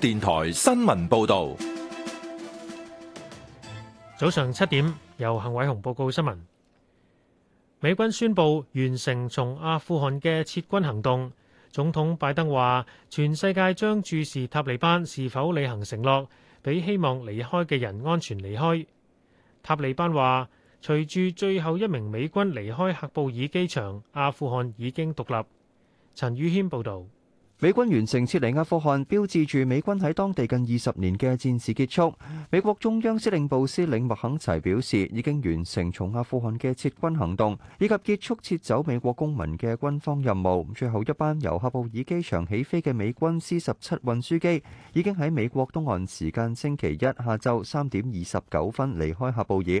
電台新聞報道：早上七點，由幸偉雄報告新聞。美軍宣布完成從阿富汗嘅撤軍行動。總統拜登話：全世界將注視塔利班是否履行承諾，俾希望離開嘅人安全離開。塔利班話：隨住最後一名美軍離開喀布爾機場，阿富汗已經獨立。陳宇謙報道。美軍完成撤離阿富汗，標誌住美軍喺當地近二十年嘅戰事結束。美國中央司令部司令麥肯齊表示，已經完成從阿富汗嘅撤軍行動，以及結束撤走美國公民嘅軍方任務。最後一班由喀布爾機場起飛嘅美軍 C 十七運輸機，已經喺美國東岸時間星期一下晝三點二十九分離開喀布爾。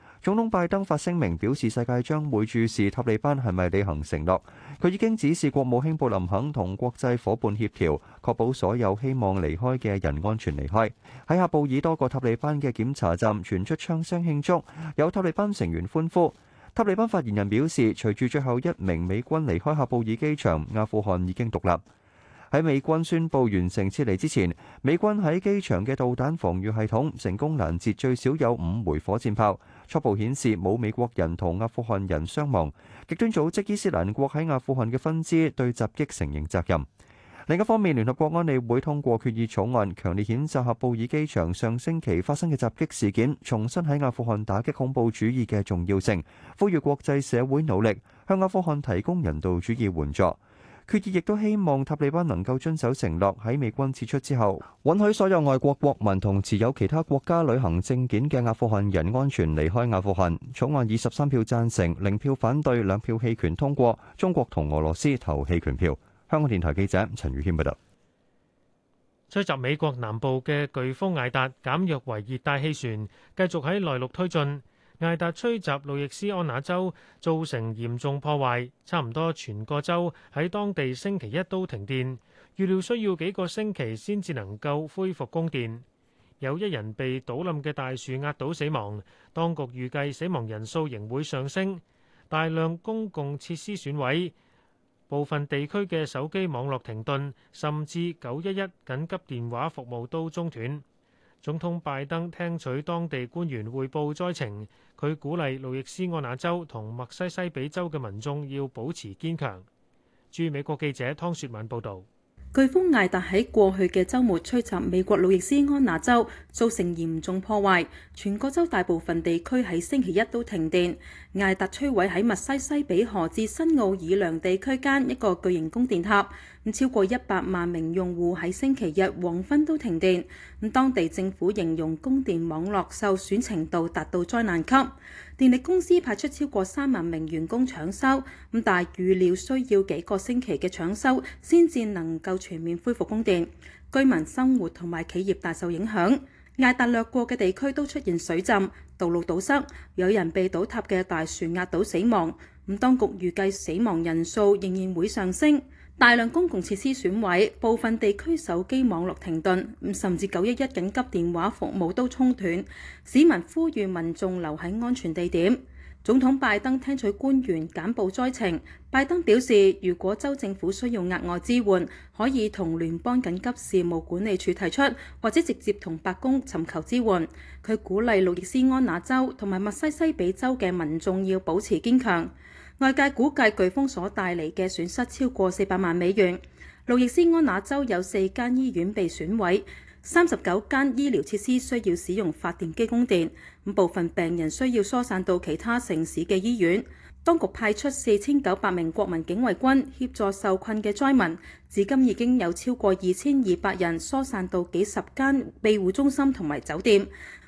總統拜登發聲明表示，世界將會注視塔利班係咪履行承諾。佢已經指示國務卿布林肯同國際伙伴協調，確保所有希望離開嘅人安全離開。喺喀布爾多個塔利班嘅檢查站傳出槍聲慶祝，有塔利班成員歡呼。塔利班發言人表示，隨住最後一名美軍離開喀布爾機場，阿富汗已經獨立。喺美軍宣布完成撤離之前，美軍喺機場嘅導彈防禦系統成功攔截最少有五枚火箭炮。初步顯示冇美國人同阿富汗人傷亡。極端組織伊斯蘭國喺阿富汗嘅分支對襲擊承認責任。另一方面，聯合國安理會通過決議草案，強烈譴責喀布爾機場上星期發生嘅襲擊事件，重申喺阿富汗打擊恐怖主義嘅重要性，呼籲國際社會努力向阿富汗提供人道主義援助。決議亦都希望塔利班能夠遵守承諾，喺美軍撤出之後，允許所有外國國民同持有其他國家旅行證件嘅阿富汗人安全離開阿富汗。草案以十三票贊成、零票反對、兩票棄權通過。中國同俄羅斯投棄權票。香港電台記者陳宇軒報道。吹襲美國南部嘅颶風艾達減弱為熱帶氣旋，繼續喺內陸推進。艾達吹襲路易斯安那州，造成嚴重破壞，差唔多全個州喺當地星期一都停電，預料需要幾個星期先至能夠恢復供電。有一人被倒冧嘅大樹壓倒死亡，當局預計死亡人數仍會上升。大量公共設施損毀，部分地區嘅手機網絡停頓，甚至九一一緊急電話服務都中斷。總統拜登聽取當地官員匯報災情，佢鼓勵路易斯安那州同密西西比州嘅民眾要保持堅強。駐美國記者湯雪敏報導。颶風艾達喺過去嘅周末吹襲美國路易斯安那州，造成嚴重破壞。全個州大部分地區喺星期一都停電。艾達摧毀喺密西西比河至新奧爾良地區間一個巨型供電塔，咁超過一百萬名用戶喺星期日黃昏都停電。咁當地政府形容供電網絡受損程度達到災難級。電力公司派出超過三萬名員工搶修，咁但係預料需要幾個星期嘅搶修先至能夠全面恢復供電，居民生活同埋企業大受影響。艾達掠過嘅地區都出現水浸、道路堵塞，有人被倒塌嘅大樹壓倒死亡，咁當局預計死亡人數仍然會上升。大量公共設施損毀，部分地區手機網絡停頓，甚至九一一緊急電話服務都中斷，市民呼籲民眾留喺安全地點。總統拜登聽取官員簡報災情。拜登表示，如果州政府需要額外支援，可以同聯邦緊急事務管理處提出，或者直接同白宮尋求支援。佢鼓勵路易斯安那州同埋密西西比州嘅民眾要保持堅強。外界估計颶風所帶嚟嘅損失超過四百萬美元。路易斯安那州有四間醫院被損毀，三十九間醫療設施需要使用發電機供電，部分病人需要疏散到其他城市嘅醫院。當局派出四千九百名國民警衛軍協助受困嘅災民，至今已經有超過二千二百人疏散到幾十間庇護中心同埋酒店。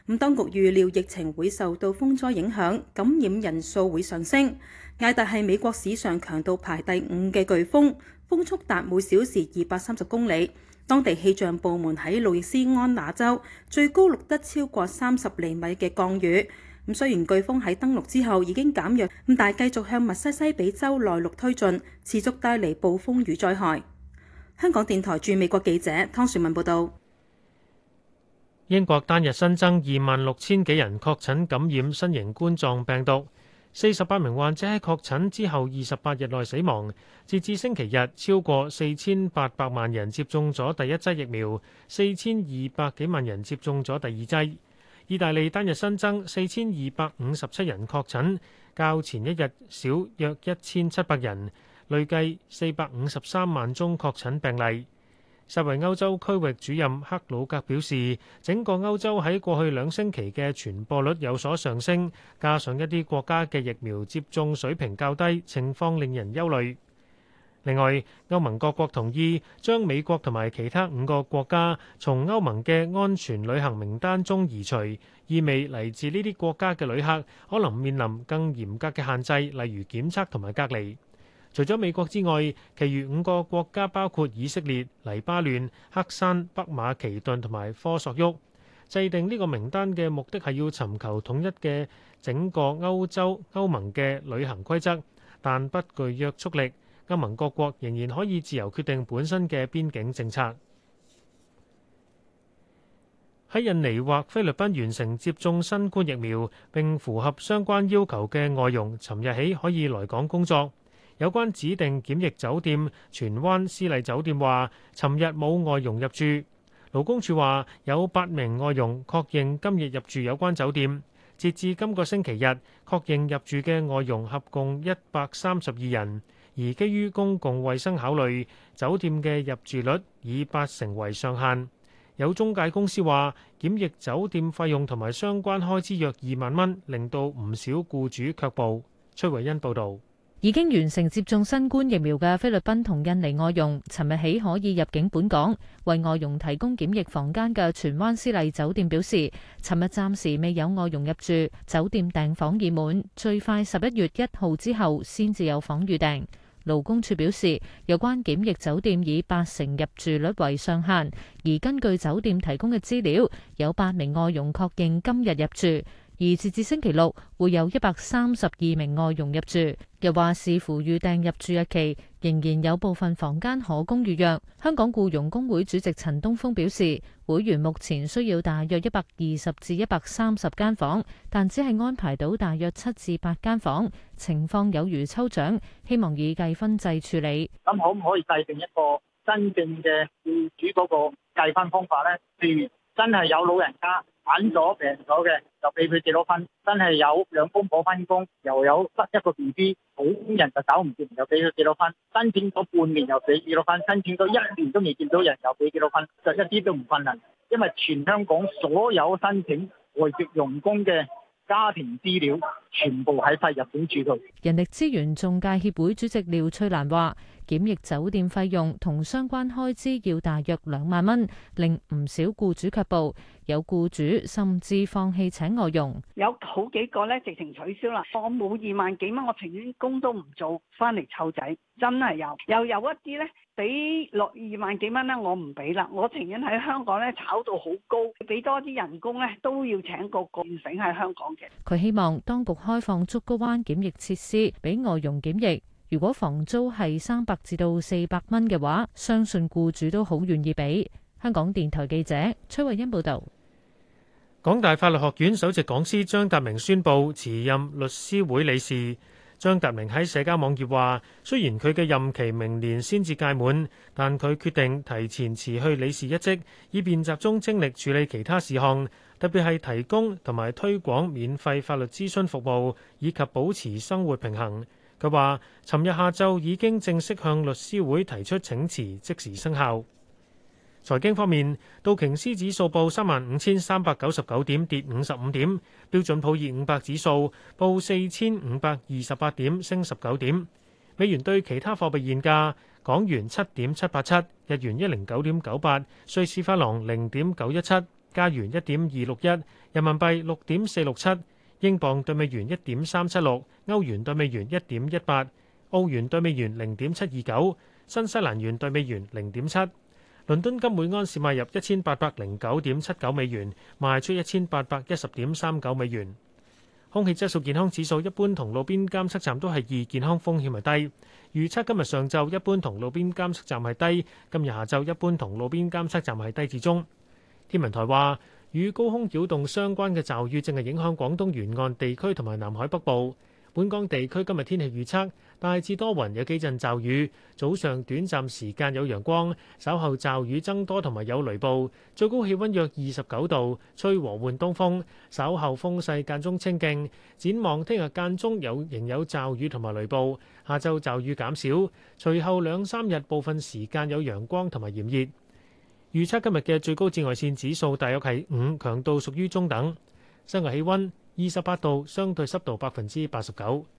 咁當局預料疫情會受到風災影響，感染人數會上升。艾達係美國史上強度排第五嘅颶風，風速達每小時二百三十公里。當地氣象部門喺路易斯安那州最高錄得超過三十厘米嘅降雨。咁雖然颶風喺登陸之後已經減弱，咁但係繼續向密西西比州內陸推進，持續帶嚟暴風雨災害。香港電台駐美國記者湯雪文報導。英國單日新增二萬六千幾人確診感染新型冠狀病毒，四十八名患者喺確診之後二十八日內死亡。截至星期日，超過四千八百萬人接種咗第一劑疫苗，四千二百幾萬人接種咗第二劑。意大利單日新增四千二百五十七人確診，較前一日少約一千七百人，累計四百五十三萬宗確診病例。世衛歐洲區域主任克魯格表示，整個歐洲喺過去兩星期嘅傳播率有所上升，加上一啲國家嘅疫苗接種水平較低，情況令人憂慮。另外，歐盟各國同意將美國同埋其他五個國家從歐盟嘅安全旅行名單中移除，意味嚟自呢啲國家嘅旅客可能面臨更嚴格嘅限制，例如檢測同埋隔離，除咗美國之外，其餘五個國家包括以色列、黎巴嫩、黑山、北馬其頓同埋科索沃。制定呢個名單嘅目的係要尋求統一嘅整個歐洲歐盟嘅旅行規則，但不具約束力。歐盟各國仍然可以自由決定本身嘅邊境政策。喺印尼或菲律賓完成接種新冠疫苗並符合相關要求嘅外傭，尋日起可以來港工作。有關指定檢疫酒店，荃灣絲麗酒店話尋日冇外佣入住。勞工處話有八名外傭確認今日入住有關酒店，截至今個星期日，確認入住嘅外傭合共一百三十二人。而基於公共衛生考慮，酒店嘅入住率以八成為上限。有中介公司話，檢疫酒店費用同埋相關開支約二萬蚊，令到唔少僱主卻步。崔維恩報導，已經完成接種新冠疫苗嘅菲律賓同印尼外傭，尋日起可以入境本港。為外傭提供檢疫房間嘅荃灣絲麗酒店表示，尋日暫時未有外傭入住，酒店訂房已滿，最快十一月一號之後先至有房預訂。勞工處表示，有關檢疫酒店以八成入住率為上限，而根據酒店提供嘅資料，有八名外傭確認今日入住。而截至星期六，會有一百三十二名外傭入住。又話視乎預訂入住日期，仍然有部分房間可供預約。香港雇傭工會主席陳東峰表示，會員目前需要大約一百二十至一百三十間房，但只係安排到大約七至八間房，情況有如抽獎，希望以計分制處理。咁可唔可以制定一個真正嘅雇主嗰個計分方法咧？譬如真係有老人家。揾咗病咗嘅，就俾佢幾多分；真係有兩公婆分工，又有得一個 B B，好多人就找唔掂，又俾佢幾多分；申請咗半年又俾幾多分；申請咗一年都未見到人，又俾幾多分，就一啲都唔困難。因為全香港所有申請外籍傭工嘅家庭資料，全部喺晒入境處度。人力資源仲介協會主席廖翠蘭話。檢疫酒店費用同相關開支要大約兩萬蚊，令唔少雇主卻步，有雇主甚至放棄請外傭。有好幾個咧，直情取消啦。我冇二萬幾蚊，我情願工都唔做，翻嚟湊仔。真係有，又有一啲咧，俾落二萬幾蚊咧，我唔俾啦。我情願喺香港咧炒到好高，俾多啲人工咧，都要請個個唔醒喺香港嘅。佢希望當局開放竹篙灣檢疫設施俾外傭檢疫。如果房租係三百至到四百蚊嘅話，相信僱主都好願意俾香港電台記者崔慧欣報道。港大法律學院首席講師張達明宣布辭任律師會理事。張達明喺社交網頁話，雖然佢嘅任期明年先至屆滿，但佢決定提前辭去理事一職以便集中精力處理其他事項，特別係提供同埋推廣免費法律諮詢服務以及保持生活平衡。佢話，尋日下晝已經正式向律師會提出請辭，即時生效。財經方面，道瓊斯指數報三萬五千三百九十九點，跌五十五點，標準普爾五百指數報四千五百二十八點，升十九點。美元對其他貨幣現價：港元七點七八七，日元一零九點九八，瑞士法郎零點九一七，加元一點二六一，人民幣六點四六七。英鎊兌美元一點三七六，歐元兌美元一點一八，澳元兌美元零點七二九，新西蘭元兌美元零點七。倫敦金每安士買入一千八百零九點七九美元，賣出一千八百一十點三九美元。空氣質素健康指數一般，同路邊監測站都係二，健康風險係低。預測今日上晝一般同路邊監測站係低，今日下晝一般同路邊監測站係低至中。天文台話，與高空擾動相關嘅驟雨，正係影響廣東沿岸地區同埋南海北部。本港地區今日天氣預測，大致多雲有幾陣驟雨，早上短暫時間有陽光，稍後驟雨增多同埋有雷暴，最高氣溫約二十九度，吹和緩東風，稍後風勢間中清勁。展望聽日間中有仍有驟雨同埋雷暴，下晝驟雨減少，隨後兩三日部分時間有陽光同埋炎熱。預測今日嘅最高紫外線指數大約係五，強度屬於中等。室外氣溫二十八度，相對濕度百分之八十九。